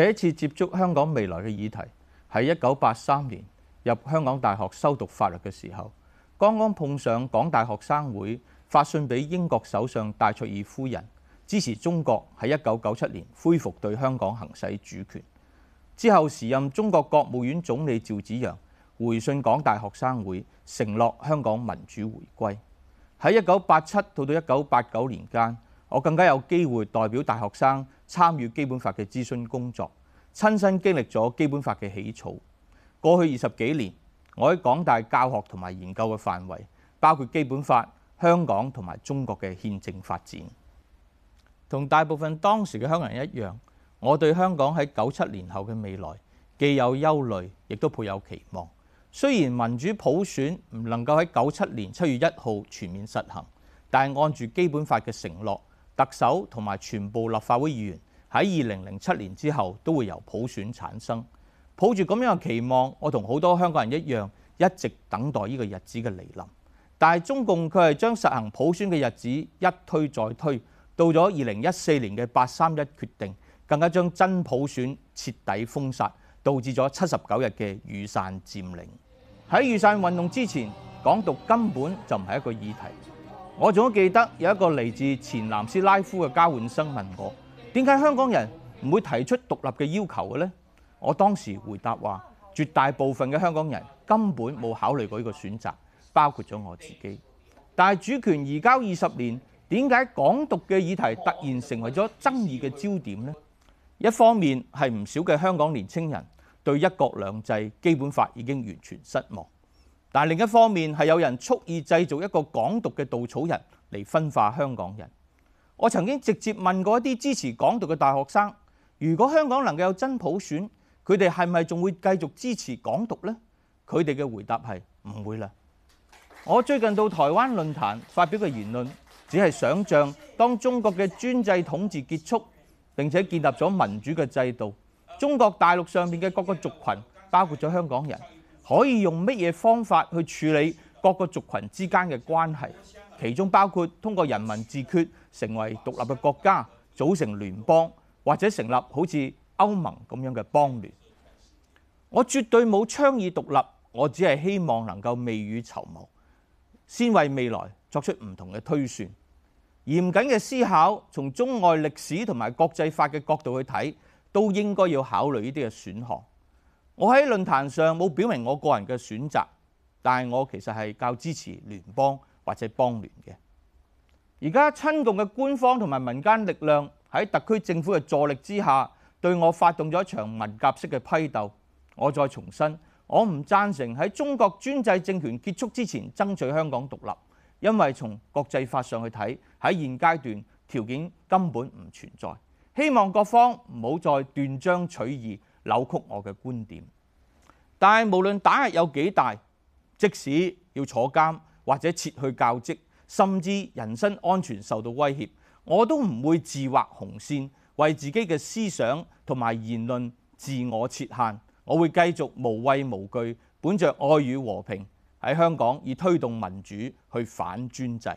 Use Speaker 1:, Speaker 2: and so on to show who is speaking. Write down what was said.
Speaker 1: 第一次接觸香港未來嘅議題，喺一九八三年入香港大學修讀法律嘅時候，剛剛碰上港大學生會發信俾英國首相戴卓爾夫人，支持中國喺一九九七年恢復對香港行使主權。之後，時任中國國務院總理趙紫陽回信港大學生會，承諾香港民主回歸。喺一九八七到到一九八九年間，我更加有機會代表大學生，參與基本法嘅諮詢工作，親身經歷咗基本法嘅起草。過去二十幾年，我喺港大教學同埋研究嘅範圍，包括基本法、香港同埋中國嘅憲政發展。同大部分當時嘅香港人一樣，我對香港喺九七年後嘅未來，既有憂慮，亦都抱有期望。雖然民主普選唔能夠喺九七年七月一號全面實行，但係按住基本法嘅承諾，特首同埋全部立法會議員喺二零零七年之後都會由普選產生。抱住咁樣嘅期望，我同好多香港人一樣，一直等待呢個日子嘅嚟臨。但係中共佢係將實行普選嘅日子一推再推，到咗二零一四年嘅八三一決定，更加將真普選徹底封殺，導致咗七十九日嘅雨傘佔領。喺雨傘運動之前，港獨根本就唔係一個議題。我仲記得有一個嚟自前南斯拉夫嘅交換生問我點解香港人唔會提出獨立嘅要求嘅呢？我當時回答話絕大部分嘅香港人根本冇考慮過呢個選擇，包括咗我自己。但係主權移交二十年，點解港獨嘅議題突然成為咗爭議嘅焦點呢？一方面係唔少嘅香港年青人對一國兩制基本法已經完全失望。但另一方面，係有人蓄意製造一個港獨嘅稻草人嚟分化香港人。我曾經直接問過一啲支持港獨嘅大學生：「如果香港能夠有真普選，佢哋係唔係仲會繼續支持港獨呢？」佢哋嘅回答係唔會啦。我最近到台灣論壇發表嘅言論，只係想像當中國嘅專制統治結束，並且建立咗民主嘅制度，中國大陸上面嘅各個族群，包括咗香港人，可以用乜嘢方法去處理各個族群之間嘅關係？其中包括通過人民自決成為獨立嘅國家，組成聯邦或者成立好似歐盟咁樣嘅邦聯。我絕對冇倡議獨立，我只係希望能夠未雨綢繆，先為未來作出唔同嘅推算。嚴謹嘅思考，從中外歷史同埋國際法嘅角度去睇，都應該要考慮呢啲嘅選項。我喺論壇上冇表明我個人嘅選擇，但係我其實係較支持聯邦或者邦聯嘅。而家親共嘅官方同埋民間力量喺特區政府嘅助力之下，對我發動咗一場文革式嘅批鬥。我再重申，我唔贊成喺中國專制政權結束之前爭取香港獨立，因為從國際法上去睇，喺現階段條件根本唔存在。希望各方唔好再斷章取義。扭曲我嘅觀點，但係無論打壓有幾大，即使要坐監或者撤去教職，甚至人身安全受到威脅，我都唔會自劃紅線，為自己嘅思想同埋言論自我設限。我會繼續無畏無懼，本着愛與和平喺香港，以推動民主去反專制。